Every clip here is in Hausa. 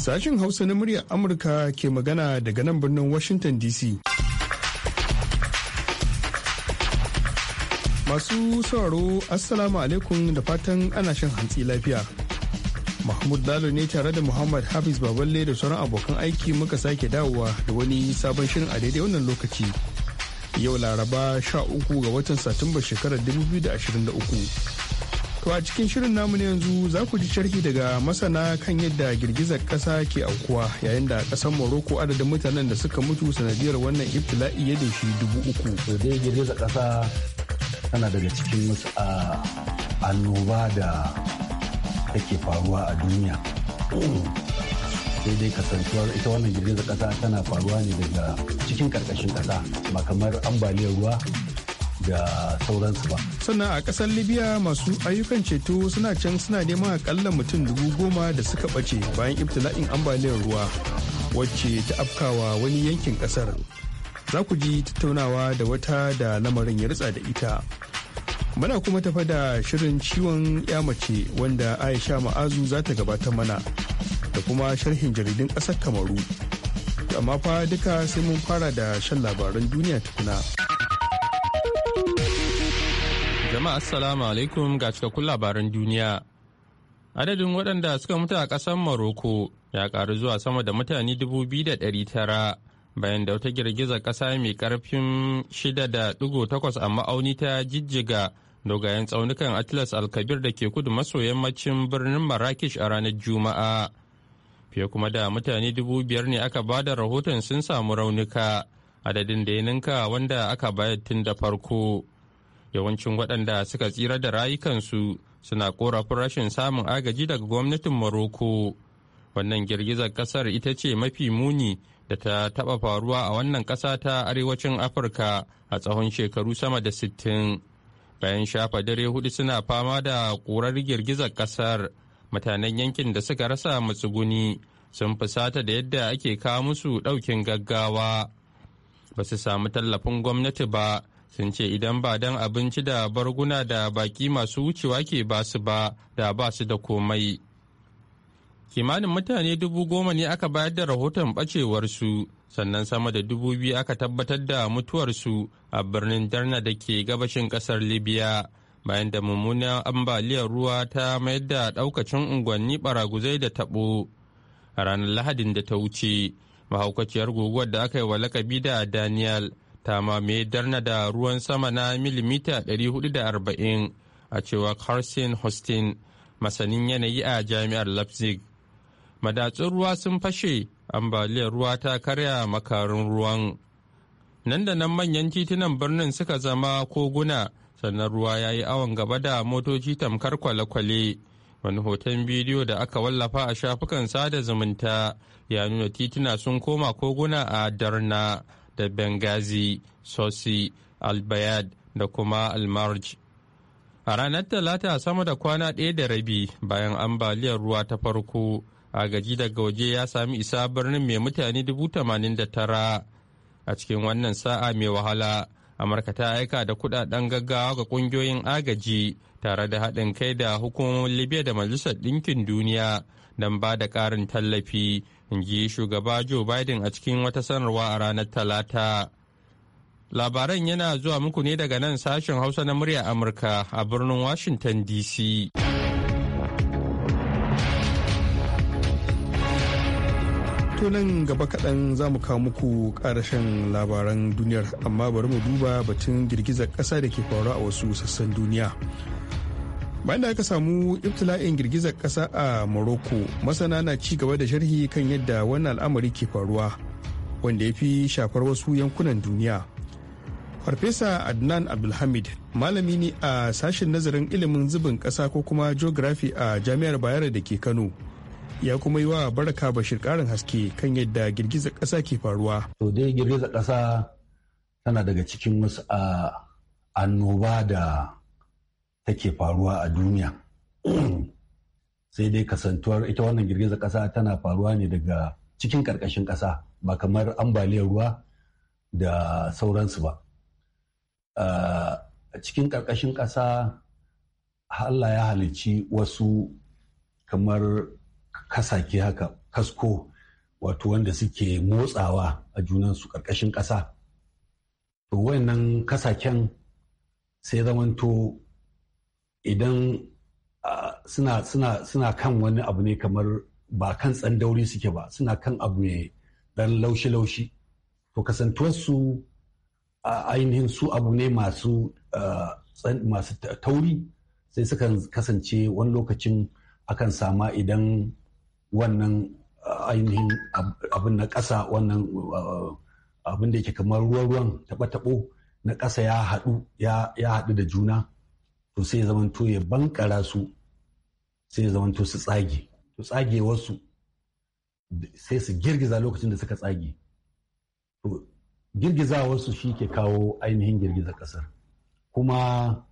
Sashin Hausa na murya Amurka ke magana daga nan birnin Washington DC. Masu sauraro Assalamu alaikum da fatan ana shan hantsi lafiya. Mahmud Lalo ne tare da Muhammad Hafiz Baballe da sauran abokan aiki muka sake dawowa da wani sabon shirin a daidai wannan lokaci. Yau Laraba 13 ga watan Satumba shekarar 2023. To a cikin shirin namu na yanzu za ku ji sharhi daga masana kan yadda girgizar ƙasa ke aukuwa yayin da ƙasar Morocco adadin mutanen da suka mutu sanadiyar wannan ibtila'i ya shi dubu uku. Dai girgizar ƙasa tana daga cikin wasu annoba da take faruwa a duniya. sai dai ita wannan girgizar ƙasa tana faruwa ne daga cikin ƙarƙashin ƙasa ba kamar ambaliyar ruwa da sauransu ba. Sannan a ƙasar Libya masu ayyukan ceto suna can suna neman akalla mutum dubu goma da suka ɓace bayan ibtila'in ambaliyar ruwa wacce ta afkawa wani yankin ƙasar. Za ku ji tattaunawa da wata da lamarin ya ritsa da ita. Muna kuma tafa da shirin ciwon ya mace wanda Aisha Ma'azu za ta gabatar mana da kuma sharhin jaridun ƙasar Kamaru. Amma fa duka sai mun fara da shan labaran duniya tukuna. Jama'a Assalamu alaikum ga cikakkun labaran duniya. Adadin waɗanda suka mutu a ƙasar Maroko ya ƙaru zuwa sama da mutane dubu biyu da ɗari tara bayan da wata girgizar ƙasa mai ƙarfin shida da ɗigo takwas a ma'auni ta jijjiga dogayen tsaunukan Atlas Alkabir da ke kudu maso yammacin birnin Marrakesh a ranar Juma'a. Fiye kuma da mutane dubu biyar ne aka ba da rahoton sun samu raunuka adadin da ya ninka wanda aka bayar tun da farko. yawancin waɗanda suka tsira da rayukansu suna korafin rashin samun agaji daga gwamnatin Morocco. Wannan girgizar ƙasar ita ce mafi muni da ta taɓa faruwa a wannan ƙasa ta arewacin Afirka a tsawon shekaru sama da sittin. Bayan shafa dare hudu suna fama da ƙurar girgizar ƙasar, mutanen yankin da suka rasa matsuguni sun fusata da yadda ake kawo musu ɗaukin gaggawa. Ba su samu tallafin gwamnati ba. sun ce idan ba don abinci da barguna da baki masu wucewa ke ba su ba da ba su da komai kimanin mutane dubu goma ne aka bayar da rahoton bacewarsu sannan sama da dubu biyu aka tabbatar da mutuwarsu a birnin darna da ke gabashin kasar libya bayan da mummunan ambaliyar ruwa ta mayar da daukacin unguwanni baraguzai da tabo a ranar lahadin da ta wuce mahaukaciyar guguwar da aka yi wa lakabi da daniel ta mamaye darna da ruwan sama na milimita 440 a cewa carson hostin masanin yanayi a jami'ar leipzig madatsun ruwa sun fashe ambaliyar ruwa ta karya makarin ruwan nan da nan manyan titunan birnin suka zama koguna sannan ruwa ya yi awon gaba da motoci tamkar kwale-kwale wani hoton bidiyo da aka wallafa a shafukan sada zumunta ya nuna tituna sun koma koguna a darna da Benghazi, Sosi, Albayad da kuma Almarj. A ranar Talata sama da kwana ɗaya da rabi bayan ambaliyar ruwa ta farko, agaji daga waje ya sami isa birnin mai mutane tara a cikin wannan sa'a mai wahala. Amurka ta aika da kudaden gaggawa ga kungiyoyin agaji tare da haɗin kai da hukumomin Libya da Majalisar Ɗinkin Duniya don ba da ƙarin tallafi in ji shugaba joe biden a cikin wata sanarwa a ranar talata labaran yana zuwa muku ne daga nan sashen hausa na murya amurka a birnin washington dc nan gaba kaɗan za mu kawo muku ƙarashen labaran duniyar amma bari mu duba batun girgizar ƙasa da ke faruwa a wasu sassan duniya bayan da aka samu iftila'in girgizar kasa a morocco masana na ci gaba da sharhi kan yadda wannan al'amari ke faruwa wanda ya fi shafar wasu yankunan duniya farfesa adnan abdulhamid malami ne a sashen nazarin ilimin zubin kasa ko kuma geography a jami'ar bayero da ke kano ya kuma yi wa baraka bashir karin haske kan yadda girgizar kasa ke faruwa girgizar kasa tana daga cikin wasu annoba da take faruwa a duniya sai dai kasantuwar ita wannan girgizar ƙasa tana faruwa ne daga cikin ƙarƙashin ƙasa ba kamar ambaliyar ruwa da sauransu ba a cikin ƙarƙashin ƙasa Allah ya halicci wasu kamar kasake haka kasko wato wanda suke motsawa a junansu ƙarƙashin ƙasa to wayannan kasaken sai zamanto idan suna kan wani abu ne kamar ba kan tsandauri suke ba suna kan abu ne dan laushi-laushi to kasantuwarsu ainihin su abu ne masu masu tauri sai sukan kasance wani lokacin akan sama idan wannan ainihin abin na ƙasa wannan abin da yake kamar ruwan ruwan taɓa-taɓo na ƙasa ya haɗu ya haɗu da juna to sai zaman ya bankara su sai zaman to su tsage to tsage wasu sai su girgiza lokacin da suka tsage to girgiza wasu shi ke kawo ainihin girgiza kasar kuma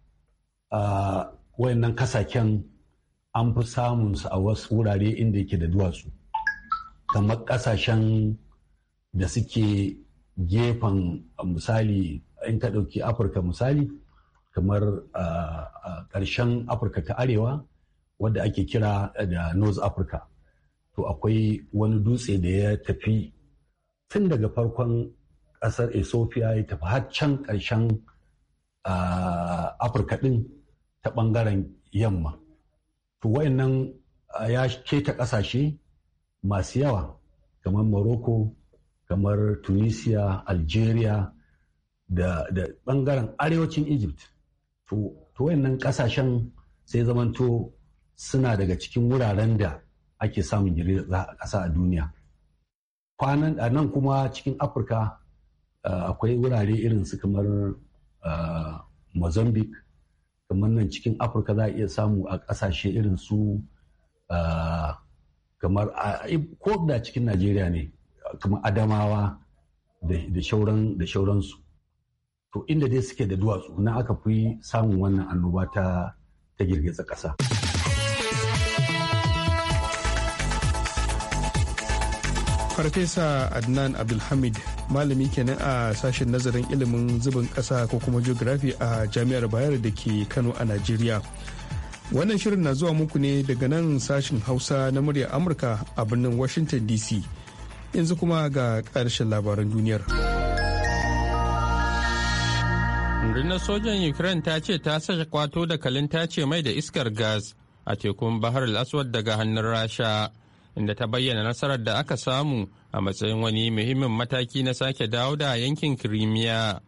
wayannan kasaken an fi samun su a wasu wurare inda yake da duwatsu kamar kasashen da suke gefen misali in ka ɗauki afirka misali kamar ƙarshen afirka ta arewa wadda ake kira da north africa to akwai wani dutse da ya tafi tun daga farkon ƙasar ethiopia ya tafi har can ƙarshen afirka ɗin ta ɓangaren yamma to wayannan ya keta ƙasashe masu yawa kamar morocco kamar tunisia algeria da ɓangaren arewacin egypt to wayannan kasashen sai zamanto suna daga cikin wuraren da ake samun a ƙasa a duniya kwanan a nan kuma cikin afirka akwai wurare irin su kamar mozambique kamar nan cikin afirka za a iya samu a ƙasashe irin su kamar ko da cikin najeriya ne kamar adamawa da shauransu to inda dai suke da duwatsu na aka fi samun wannan annoba ta ta girgiza ƙasa. Farfesa Adnan Abdulhamid malami kenan a sashen nazarin ilimin zubin ƙasa ko kuma geography a jami'ar Bayero da ke Kano a Najeriya. Wannan shirin na zuwa muku ne daga nan sashen Hausa na muryar Amurka a birnin Washington DC. Yanzu kuma ga ƙarshen labaran duniyar. rundunar sojan ukraine ta ce ta sake kwato da kalin ce mai da iskar gas a tekun bahar al-aswad daga hannun rasha inda ta bayyana nasarar da aka samu a matsayin wani muhimmin mataki na sake dawo da yankin kirimiya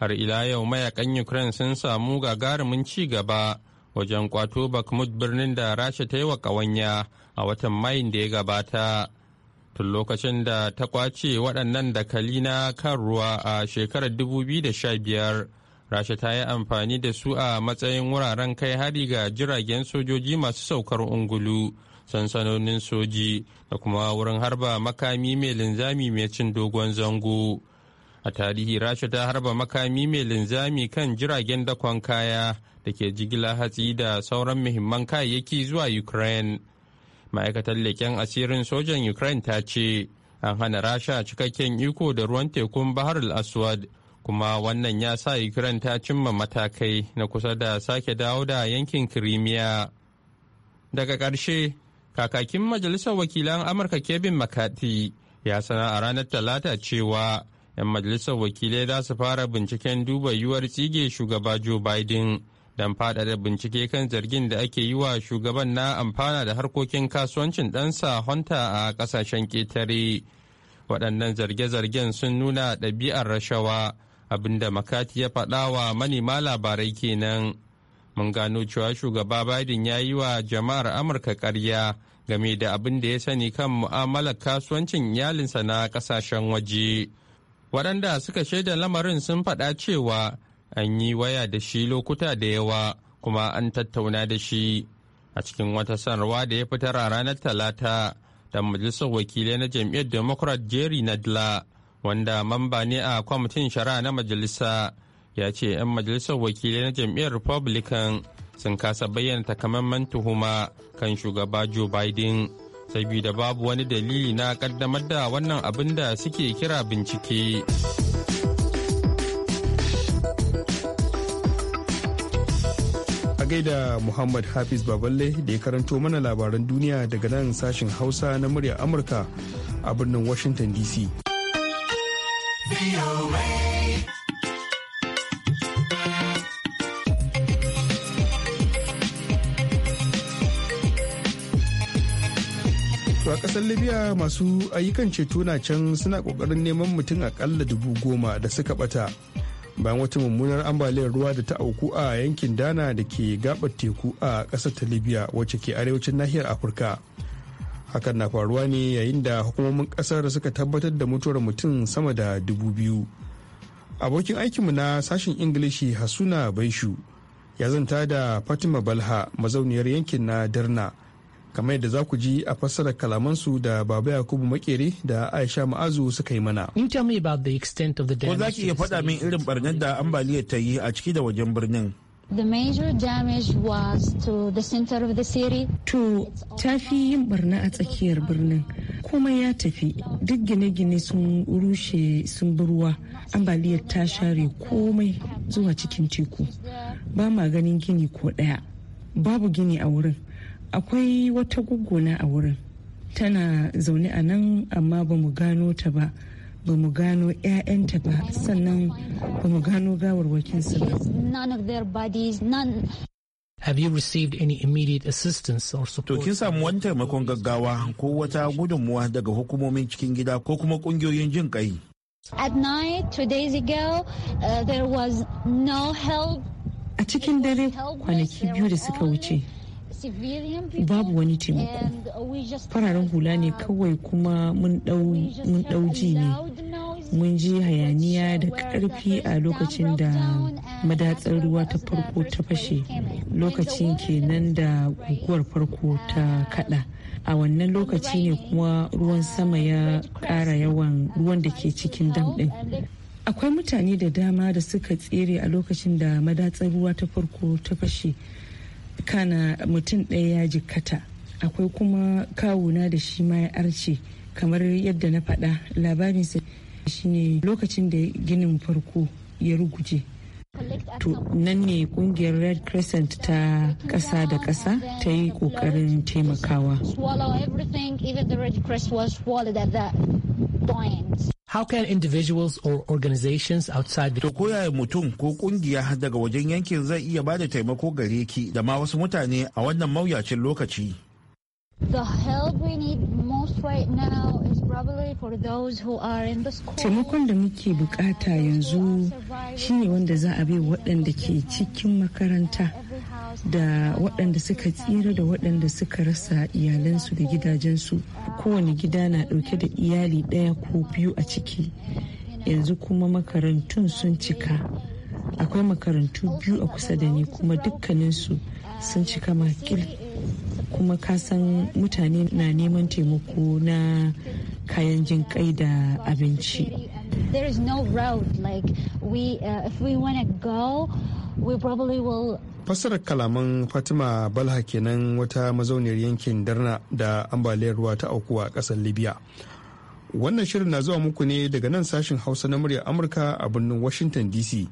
har ila yau mayakan ukraine sun samu gagarumin ci gaba wajen kwato bakmut birnin da rasha ta yi wa kawanya a watan mayin da ya gabata tun lokacin da ta kwace waɗannan dakali na kan ruwa a shekarar 2015 rasha ta yi amfani da su a matsayin wuraren kai hari ga jiragen sojoji masu saukar ungulu sansanonin soji da kuma wurin harba makami mai linzami mai cin dogon zango a tarihi rasha ta harba makami mai linzami kan jiragen dakon kaya da ke jigila hatsi da sauran muhimman kayayyaki zuwa ukraine ma'aikatar leken asirin sojan ukraine ta ce an hana rasha cikakken iko da ruwan tekun bahar al-aswad kuma wannan ya sa ukraine ta cimma matakai na kusa da sake dawo da yankin kirimiya daga ƙarshe kakakin majalisar wakilan amurka kevin Makati ya sana a ranar talata cewa 'yan majalisar wakilai za su fara binciken duba yiwuwar tsige shugaba joe biden don faɗaɗa bincike kan zargin da ake yi wa shugaban na amfana da harkokin kasuwancin ɗansa honta a ƙasashen ƙetare waɗannan zarge-zargen sun nuna ɗabi'ar rashawa abinda makati ya faɗa wa manema labarai kenan mun gano cewa shugaba biden ya yi wa jama'ar amurka karya game da abin da ya sani kan mu'amalar kasuwancin iyalinsa na ƙasashen waje waɗanda suka shaida lamarin sun faɗa cewa an yi waya da shi lokuta da yawa kuma an tattauna da shi a cikin wata sanarwa da ya fitar a ranar talata da majalisar wakilai na jam'iyyar democrat jerry nadler wanda mamba ne a kwamitin shari'a na majalisa ya ce 'yan majalisar wakilai na jam'iyyar republican sun kasa bayyana takamaiman tuhuma kan shugaba joe biden saboda babu wani dalili na kaddamar da wannan abin da suke kira bincike a gaida muhammad hafiz baballe da ya karanto mana labaran duniya daga nan sashen hausa na murya amurka a birnin washington dc To a ƙasar Libya masu ayyukan ceto na can suna ƙoƙarin neman mutum aƙalla dubu goma da suka ɓata bayan wata mummunar ambaliyar ruwa da ta auku a yankin Dana da ke gabar teku a ƙasar ta Libya wacce ke arewacin nahiyar Afirka. hakan na faruwa ne yayin da hukumomin kasar suka tabbatar da mutuwar mutum sama da dubu biyu abokin aikinmu na sashen ingilishi hasuna baishu ya zanta da fatima balha mazauniyar yankin na darna kamar yadda za ku ji a fassarar kalamansu da baba yakubu makere da aisha ma'azu suka yi mana ko za ki iya faɗa min irin barnar da ambaliyar ta yi a ciki da wajen birnin The major damage was to the center To tafi yin barna a tsakiyar birnin. kuma ya tafi duk gine-gine sun rushe sun ruwa ambaliyar ta share komai zuwa cikin teku. Ba ma ganin gini ko ɗaya. Babu gini a wurin. Akwai wata gugguna a wurin. Tana zaune a nan amma ba mu gano ta ba. ba mu gano 'ya'yanta ba sannan ba mu gano gawarwakinsu ba Have you received any immediate assistance or support? To kin samu wani taimakon gaggawa ko wata gudunmuwa daga hukumomin cikin gida ko kuma kungiyoyin jin kai? At night, two days ago, uh, there was no help. A cikin dare kwanaki biyu da suka wuce, babu wani taimako fararen hula ne uh, kawai kuma mun ɗauji ne mun ji hayaniya da ƙarfi a lokacin da madatsar ruwa ta farko ta fashe lokacin kenan da guguwar farko ta kaɗa, a wannan lokaci ne kuma ruwan uh, sama ya ƙara yawan ruwan da ke cikin dam ɗin akwai mutane da dama da suka tsere a lokacin da madatsar ruwa ta farko ta fashe kana mutum ɗaya ya jikkata akwai kuma kawuna da shi ma ya arce kamar yadda na faɗa labarinsa shine lokacin da ginin farko ya ruguje To nan ne kungiyar Red Crescent ta ƙasa da ƙasa ta yi ƙoƙarin taimakawa. How can individuals or organizations outside the To koya mutum ko kungiya daga wajen yankin zai iya bada taimako gare ki da ma wasu mutane a wannan mawuyacin lokaci. The help we need most right now is probably for those who are in the school. Taimakon da muke bukata yanzu shine wanda za a bai waɗanda ke cikin makaranta. da waɗanda suka tsira da waɗanda suka rasa iyalansu da gidajensu kowane gida na ɗauke da iyali ɗaya ko biyu a ciki yanzu kuma makarantun sun cika akwai makarantu biyu a kusa da ni kuma dukkaninsu sun cika makil kuma kasan mutane na neman taimako na kayan jin kai da abinci there is no road like we uh, if we want to go we probably will fassarar kalaman fatima balha kenan wata mazauniyar yankin darna da ambaliyar ruwa ta aukuwa a ƙasar libya wannan shirin na zuwa muku ne daga nan sashen hausa na muryar amurka a birnin washington dc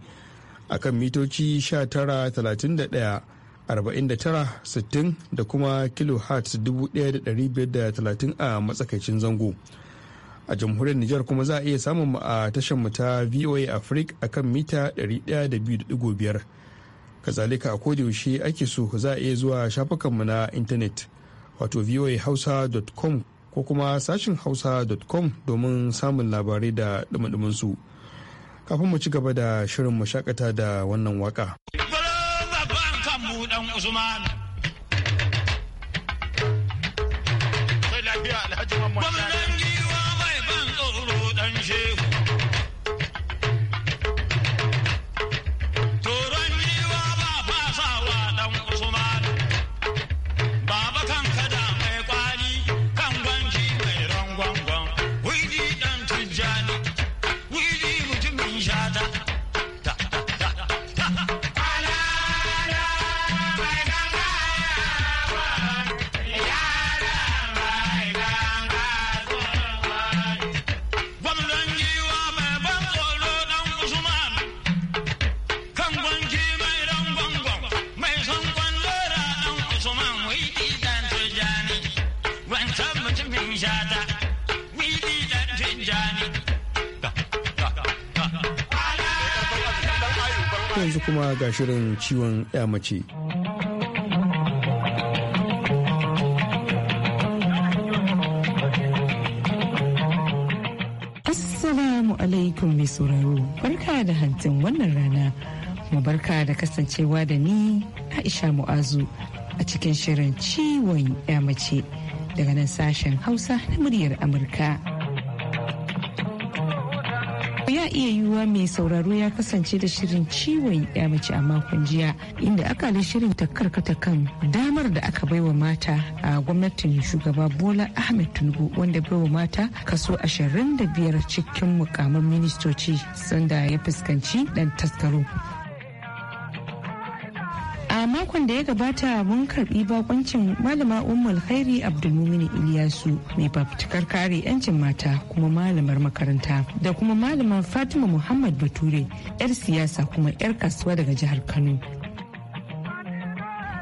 akan mitoci 19,31,49,60 da kuma kilohertz 1,530 a matsakaicin zango a jamhuriyar Nijar kuma za a iya samun mu a tashar mu ta VOA Africa akan mita 102.5 kazalika a kodayaushe ake so za a iya zuwa shafukanmu na intanet wato voahausa.com ko kuma sashin hausa.com domin samun labarai da dumadumansu kafin mu ci gaba da shirin mu da wannan waka Gwamnan giwa mai ban tsoro dan shehu kuma ga shirin ciwon ya mace. Assalamu alaikum mai sauraro, barka da hantin wannan rana, mu barka da kasancewa da ni Aisha Mu'azu a cikin shirin ciwon ya mace daga nan sashen Hausa na muryar Amurka. iya yiwuwa mai sauraro ya kasance da shirin ciwon ya mace a makon jiya inda aka akali shirin ta karkata kan damar da aka baiwa mata a gwamnatin shugaba bola ahmed tinubu wanda baiwa mata kaso biyar cikin mukamin ministoci sanda ya fuskanci dan taskaro makon da ya gabata mun karbi bakuncin malama umar khairi abdulmumin iliyasu mai fafutukar kare yancin mata kuma malamar makaranta da kuma malama fatima muhammad bature yar siyasa kuma yar kasuwa daga jihar kano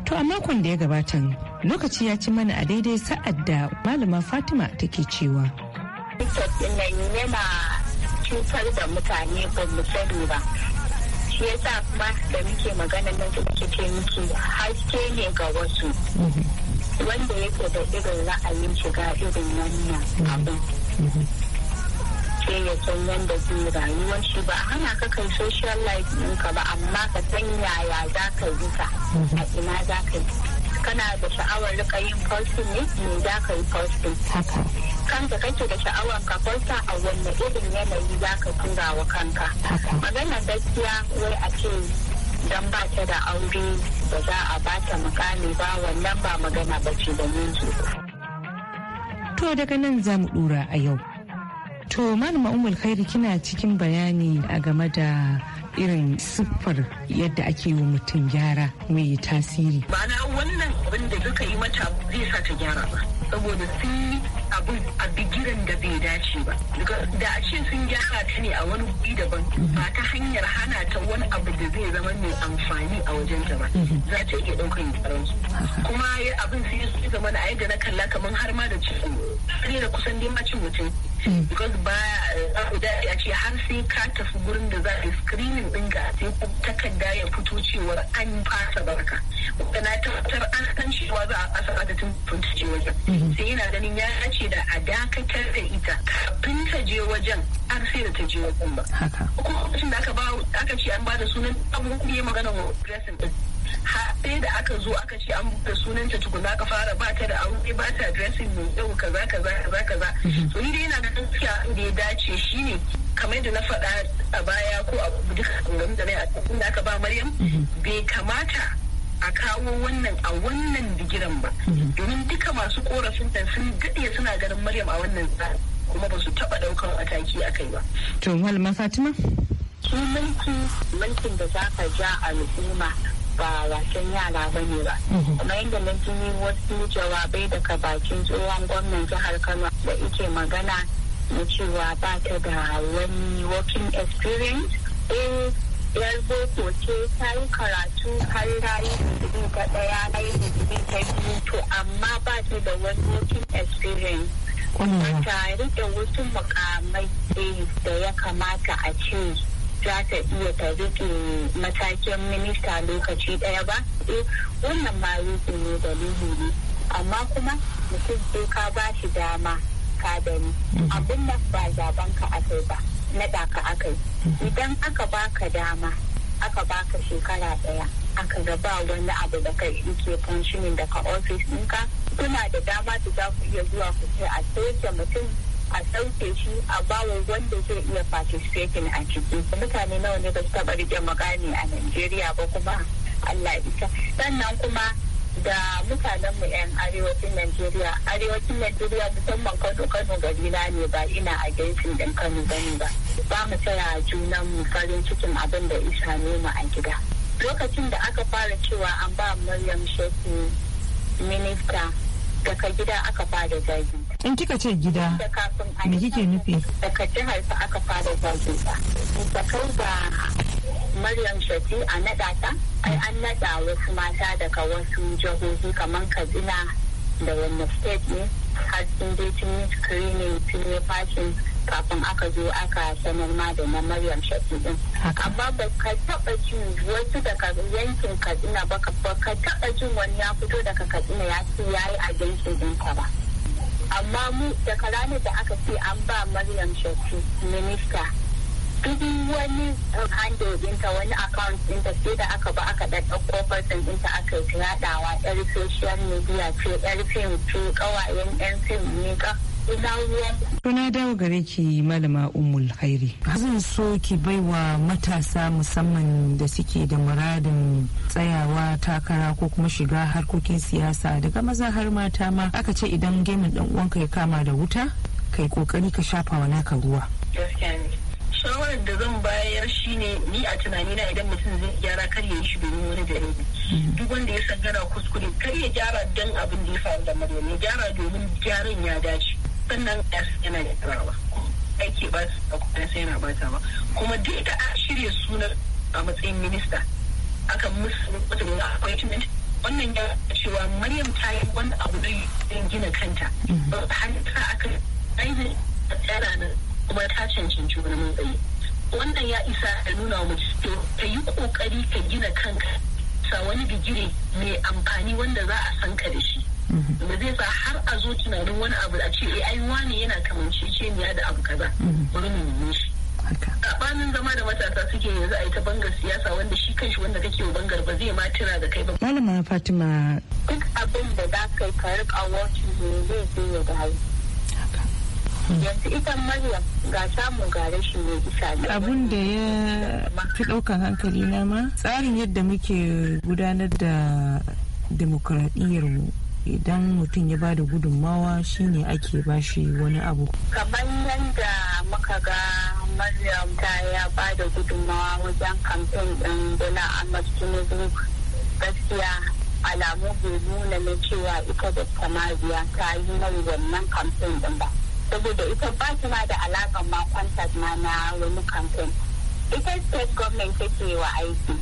to a makon da ya gabata lokaci ya ci mana a daidai sa'ad da malama fatima take cewa cutar da mutane ba mu sani ba shi yasa kuma da muke magana nan da muke ce muke haske ne ga wasu wanda yake da irin ra'ayin shiga irin wannan abin sai ya san yadda zai rayuwar shi ba hana ka kai social life ɗinka ba amma ka san yaya za ka yi ka a ina za ka yi kana da sha'awar rika yin posting ne me za ka yi posting kanka kake da sha'awar ka posta a wanne irin yanayi za ka tura wa kanka magana gaskiya wai a ce don ba ta da aure ba za a ba ta mukami ba wannan ba magana ba ce da yanzu to daga nan za mu dura a yau to malama umar khairi kina cikin bayani a game da irin siffar yadda ake yi mutum gyara mai tasiri. Ba na wannan abin da duka yi mata zai sa ta gyara ba. Saboda sun abin a bigiran da bai dace ba da a ce sun gyara ta ne a wani guri daban ba ta hanyar hana ta wani abu da zai zama mai amfani a wajen ta ba za ta iya ɗaukar yaran kuma abin sai su zama na yadda na kalla kamar har ma da cikin sai da kusan dai macin mutum because ba ya eh, a ce har sai ka tafi gurin da za a yi screening ga sai takarda ya fito cewar an fasa barka na tabbatar an san cewa za a fasa adadin tuntuce wajen sai yana ganin ya ce da a dakatar da ita kafin ta je wajen har sai da ta je wajen ba. Kuma lokacin da aka ba aka ce an ba da sunan abin kuma ya magana wa dressing din. Ha sai da aka zo aka ce an buɗe sunanta tukuna aka fara ba ta da aure ba ta dressing mai yau kaza kaza kaza kaza mhm. to ni dai yana da gaskiya da ya dace shi ne kamar yadda na faɗa a baya ko a duka gangan da a cikin da aka ba Maryam mhm. bai kamata a kawo wannan a wannan digiran ba mhm. domin duka masu korafin da sun gaɗe suna ganin maryam a wannan tsari. kuma ba su taɓa ɗaukan mataki a kai ba. to malama fatima. su mulki mulkin da za ka ja al'umma ba wasan yara ba ne ba. Mhm. Kuma yadda na jini wasu jawabai daga bakin tsohon gwamnan jihar Kano da ike magana na cewa ba ta da wani working experience. Eh yar boko ce ta yi karatu har ta yi digiri ta ɗaya ta yi digiri ta biyu to amma ba ta da wani working experience kuma rike wasu mukamai da ya kamata a ce za ta iya ta rike matakin minista lokaci ɗaya ba eh, wannan ma yake ne ni ne amma kuma mutum sai ka ba shi dama ka gani mm-hmm. abin nan ba zaben ka akai ba naɗa ka akai mhm. idan aka baka dama aka baka shekara ɗaya aka gaba wani abu da kai ke functioning daga ofis ɗinka kuna da dama da za ku iya zuwa ku sai a sauke mutum a sauke shi a bawa wanda zai iya participating a ciki mutane nawa ne ba su taɓa riƙe magani a Najeriya ba kuma Allah ita sannan kuma da mutanen mu yan arewacin Najeriya arewacin Najeriya musamman Kano Kano gari na ne ba ina a gaisin din Kano gani ba ba mu tsaya junan mu farin cikin abin da isa ne mu a gida lokacin da aka fara cewa an ba Maryam Shehu minista daga gida aka fara zagi in kika ce gida me kike nufi daga jihar aka fara zagi ba kai ba Maryam shati a naɗa ta ai an naɗa wasu mata daga wasu jihohi kamar Katsina da wani state ne har sun je tun yi screening sun yi fashin kafin aka zo aka sanar ma da na Maryam Shafi din. Amma ba ka taɓa jin wasu daga yankin Katsina ba ka taɓa jin wani ya fito daga Katsina ya ce ya yi a yankin ɗinka ba. Amma mu daga ranar da aka ce an ba Maryam Shafi minista duk wani handle dinta wani account dinta sai da aka ba aka ɗaɗɗauko person dinta aka yi tunaɗawa yar social media ce yar fim ce ƙawayen yan fim ne ka To dawo gare ki malama umul hairi. Zan so ki baiwa matasa musamman da suke da muradin tsayawa takara ko kuma shiga harkokin siyasa daga maza har mata ma aka ce idan gemin ɗan uwanka ya kama da wuta kai kokari ka shafa wa naka ruwa. shawarar da zan bayar shine ni a tunani na idan mutum zai gyara kar ya yi shi domin wani dalili mhm. duk wanda ya san yana kuskure kar ya gyara dan abin da ya faru da maryam ya gyara domin gyaran ya dace sannan s yana da tarawa aiki ba su da sai yana bata ba kuma duk da a shirya sunan a matsayin minista aka musu wata na appointment wannan ya cewa maryam ta yi wani abu da gina kanta ba mhm. ta aka a tsara na kuma ta cancanci wani matsayi wannan ya isa a nuna wa mace ka yi kokari ka gina kanka sa wani bigiri mai amfani wanda za a san ka da shi da mhm. zai sa har a zo tunanin wani abu a ce eh, ai wani yana kamance ni da abu kaza mhm. bari mu nemi shi sabanin zama da matasa suke yanzu a yi ta bangar siyasa wanda shi kanshi wanda kake wa bangar ba zai ma tira da kai ba. Malama Fatima. Duk abin da za ka yi ka riƙa wacin zai zai zai da hausa. yanzu ita maryam ga samun ga shi ne bisa abun da ya fi ɗaukan hankali na ma tsarin yadda muke gudanar da mu idan mutum ya bada gudunmawa shine ake bashi wani abu kamar yadda muka ga maryam ta ya bada gudunmawa wajen kamfen ɗin dana ahmad tinubu gaskiya alamu bai nuna na cewa ita da samariya ta yi mai wannan kamfen ɗin ba saboda ita ba ta ma da alaƙar ma kwantar ma na wani kamfen ita state government take wa aiki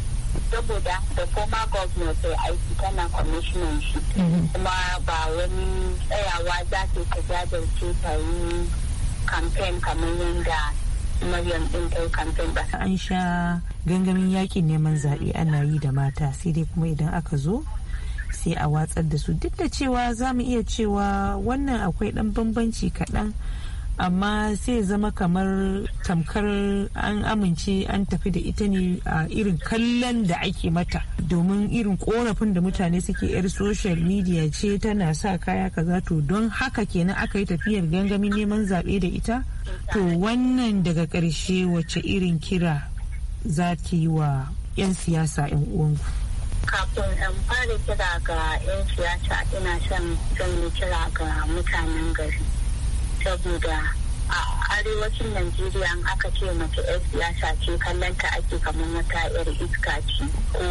saboda da former governor sai aiki tana commissioner shi mhm. kuma ba wani tsayawa za ta ta jajirce ta kamfen kamar yadda Maryam din ta yi kamfen ba. An sha gangamin yakin neman zaɓe ana yi da mata sai dai kuma idan aka zo a watsar da su duk da cewa za mu iya cewa wannan akwai dan bambanci kaɗan amma sai zama kamar tamkar an amince an tafi da ita ne a irin kallon da ake mata domin irin korafin da mutane suke yar social media ce tana sa kaya kaza to don haka kenan aka yi tafiyar gangamin neman zaɓe da ita to wannan daga ƙarshe wace irin kira za ta yi wa 'yan siyasa 'yan uwanku kafin in fara kira ga 'yan siyasa ina son zan kira ga mutanen gari saboda a arewacin najeriya in aka ce mace 'yan siyasa ce kallon ta ake kamar wata 'yar iska ce ko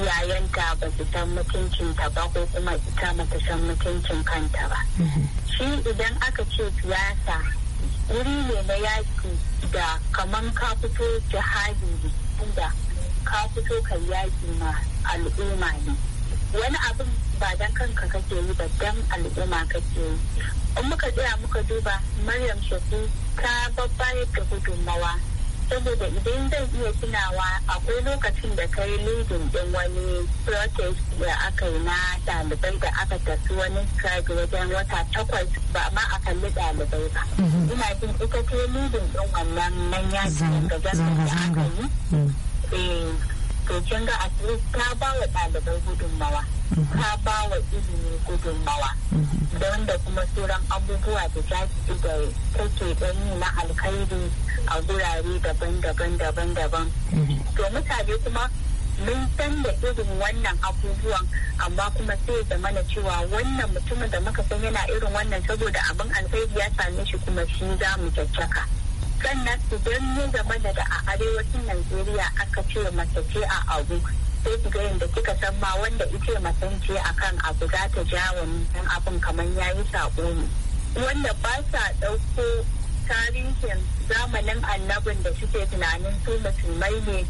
iyayenta ba su san mutuncin ta ba ko kuma ita ba ta san mutuncin kanta ba mm-hmm. shi idan aka ce siyasa wuri ne na yaki da kamar ka fito jihadi da ka fito ka yaƙi ma al'umma ne wani abin ba dan kanka kake yi ba dan al'umma kake yi in muka tsaya muka duba maryam shafi ta babba yadda gudunmawa saboda idan zan iya tunawa akwai lokacin da ka yi lidin ɗin wani protest da aka yi na ɗalibai da aka tafi wani strike wajen wata takwas ba ma a kalli ɗalibai ba. Mhm. Ina jin ita ta lidin din wannan manyan zanga-zanga da aka yi. Mm. to eh, eh, kin ga asiri ta ba wa ɗalibai gudunmawa mhm. ta ba wa izini gudunmawa mhm. da kuma sauran abubuwa da za su da take ɗanyi na alkhairi a gurare daban-daban daban-daban mhm. to mutane kuma mun san da irin wannan abubuwan amma kuma sai da mana cewa wannan mutumin da muka san yana irin wannan saboda abin alkhairi ya same shi kuma shi za mu caccaka. sannan su don ya zama da a arewacin najeriya aka ce mace ce a abu sai su ga yadda kika san ma wanda ice masan ce kan abu za ta ja wannan abun kamar ya yi saƙo ne wanda ba sa ɗauko tarihin zamanin annabin da suke tunanin su musulmai ne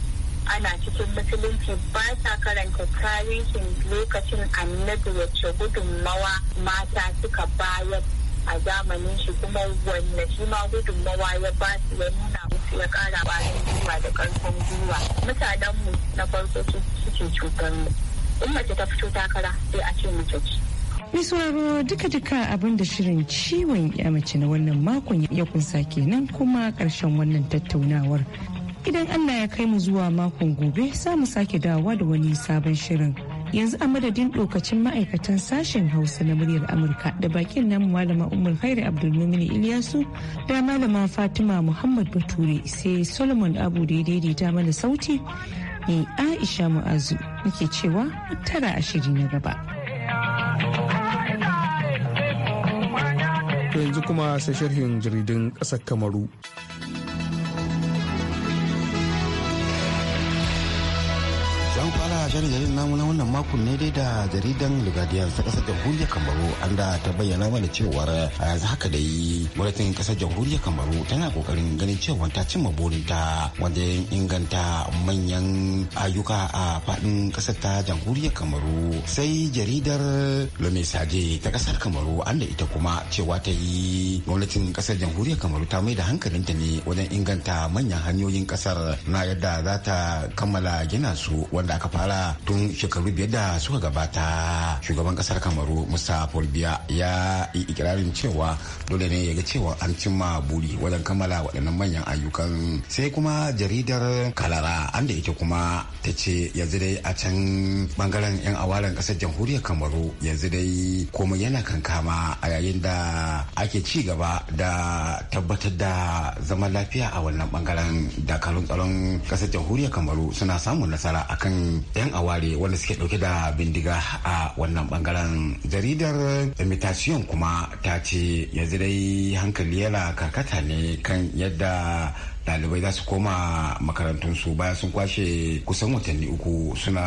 ana cikin musulunci ba sa karanta tarihin lokacin annabi wacce gudunmawa mata suka bayar a zamanin shi kuma wanne shi ma gudunmawa ya ba su ya nuna musu ya kara bayan gwiwa da karfin gwiwa mutanenmu mu na farko suke cutar mu in mace ta fito takara sai a ce mace ce Mai sauraro duka-duka abinda shirin ciwon ya mace na wannan makon ya kunsa kenan kuma karshen wannan tattaunawar. Idan Allah ya kai mu zuwa makon gobe za mu sake dawa da wani sabon shirin. yanzu a madadin lokacin ma'aikatan sashen hausa na muryar amurka da bakin namu malama umar khairu abdulmumin iliyasu da malama fatima muhammad bature sai solomon abu da ya daidaita mana sauti ne aisha mu'azu muke cewa tara ashiri na gaba to yanzu kuma sai sharhin jaridun ƙasar kamaru fara shirin jaridar namu na wannan makon ne dai da jaridan Guardian ta kasar jamhuriyar Kamaru an da ta bayyana mana cewa a yanzu haka da yi gwamnatin kasar jamhuriyar Kamaru tana kokarin ganin cewa ta cimma burinta wanda ya inganta manyan ayyuka a faɗin kasar ta jamhuriyar Kamaru sai jaridar Le Message ta kasar Kamaru an da ita kuma cewa ta yi gwamnatin kasar jamhuriyar Kamaru ta mai da hankalinta ne wajen inganta manyan hanyoyin kasar na yadda za ta kammala gina su wanda aka fara tun shekaru biyar da suka gabata shugaban kasar kamaru musa folbiya ya yi ikirarin cewa dole ne ya ga cewa an cimma buri wajen kammala waɗannan manyan ayyukan sai kuma jaridar kalara an da ita kuma ta ce yanzu dai a can bangaren yan awalen kasar jamhuriyar kamaru yanzu dai komai yana kankama a yayin da ake ci gaba da tabbatar da zaman lafiya a wannan bangaren dakarun tsaron kasar jamhuriyar kamaru suna samun nasara akan 'yan aware wanda suke dauke da bindiga a wannan bangaren jaridar imitation kuma ta ce yanzu dai hankali yana karkata ne kan yadda ɗalibai za su koma makarantunsu bayan sun kwashe kusan watanni uku suna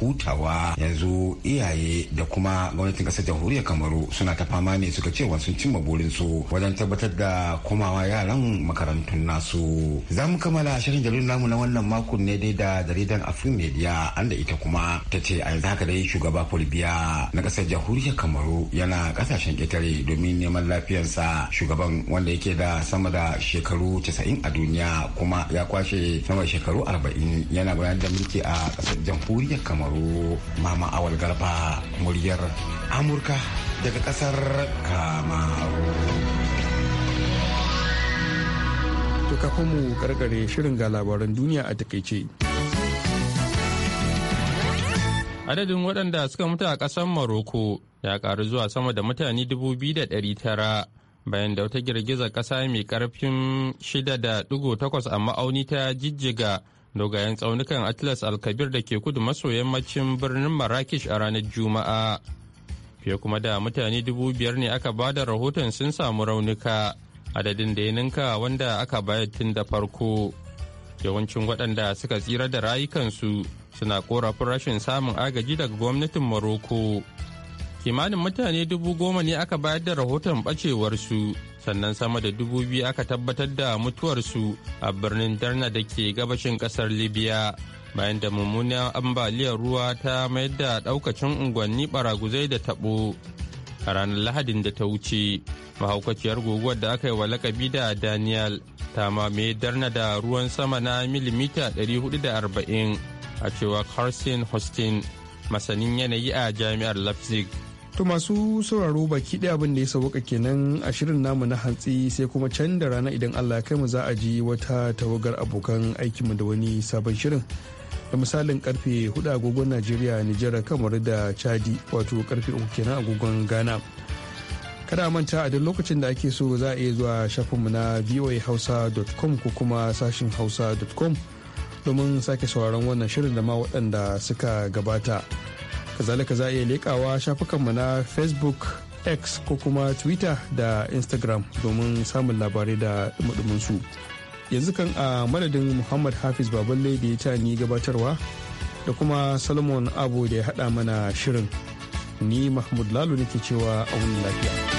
hutawa yanzu iyaye da kuma gwamnatin ƙasar jamhuriyar kamaru suna ta fama ne suka cewa sun cimma burinsu wajen tabbatar da komawa yaran makarantun nasu za mu kammala shirin jaridar namu na wannan makon ne dai da jaridar afrin media an da ita kuma ta ce a yanzu haka dai shugaba fulbiya na ƙasar jamhuriyar kamaru yana kasashen ƙetare domin neman lafiyarsa shugaban wanda yake da sama da shekaru 90 a duniya ya kuma ya kwashe sama shekaru 40 yana gudanar da mulki a kasar jamhuriyar kamaru mama awal garba muryar amurka daga kasar kamaru to kafin mu karkare shirin ga labaran duniya a takaice adadin waɗanda suka mutu a ƙasar maroko ya ƙaru zuwa sama da mutane 2,900 bayan da wata girgizar ƙasa mai ƙarfin 6.8 a ma'auni ta jijjiga dogayen tsaunukan atlas alkabir da ke kudu maso yammacin birnin marrakesh a ranar juma'a fiye kuma da mutane dubu biyar ne aka ba da rahoton sun samu raunuka adadin da ya ninka wanda aka bayar tun da farko yawancin waɗanda suka tsira da rayukansu suna korafin rashin samun agaji daga gwamnatin morocco kimanin mutane dubu goma ne aka bayar da rahoton su sannan sama da dubu biyu aka tabbatar da mutuwarsu a birnin darna da ke gabashin kasar libya bayan da mummunan ambaliyar ruwa ta mayar da daukacin unguwanni baraguzai da tabo a ranar lahadin da ta wuce mahaukaciyar guguwar da aka yi wa lakabi da daniel ta mame darna da ruwan sama na milimita 440 a cewa carson hostin masanin yanayi a jami'ar leipzig To masu sauraro baki ɗaya abin da ya sauka kenan a shirin namu na hantsi sai kuma can da rana idan Allah ya kai mu za a ji wata tawagar abokan aikinmu da wani sabon shirin. Da misalin karfe 4 agogon Najeriya, Nijar, kamar da Chadi wato karfe 3 kenan agogon Ghana. Kada manta a duk lokacin da ake so za a iya zuwa shafinmu na voahausa.com ko kuma sashin hausa.com domin sake sauraron wannan shirin da ma waɗanda suka gabata. kazalika za a iya leƙawa shafukanmu na facebook x ko kuma twitter da instagram domin samun labarai da su yanzu kan a madadin muhammad hafiz baballe da ya ta ni gabatarwa da kuma solomon abu da ya haɗa mana shirin ni mahmud lalu nake cewa a wani lafiya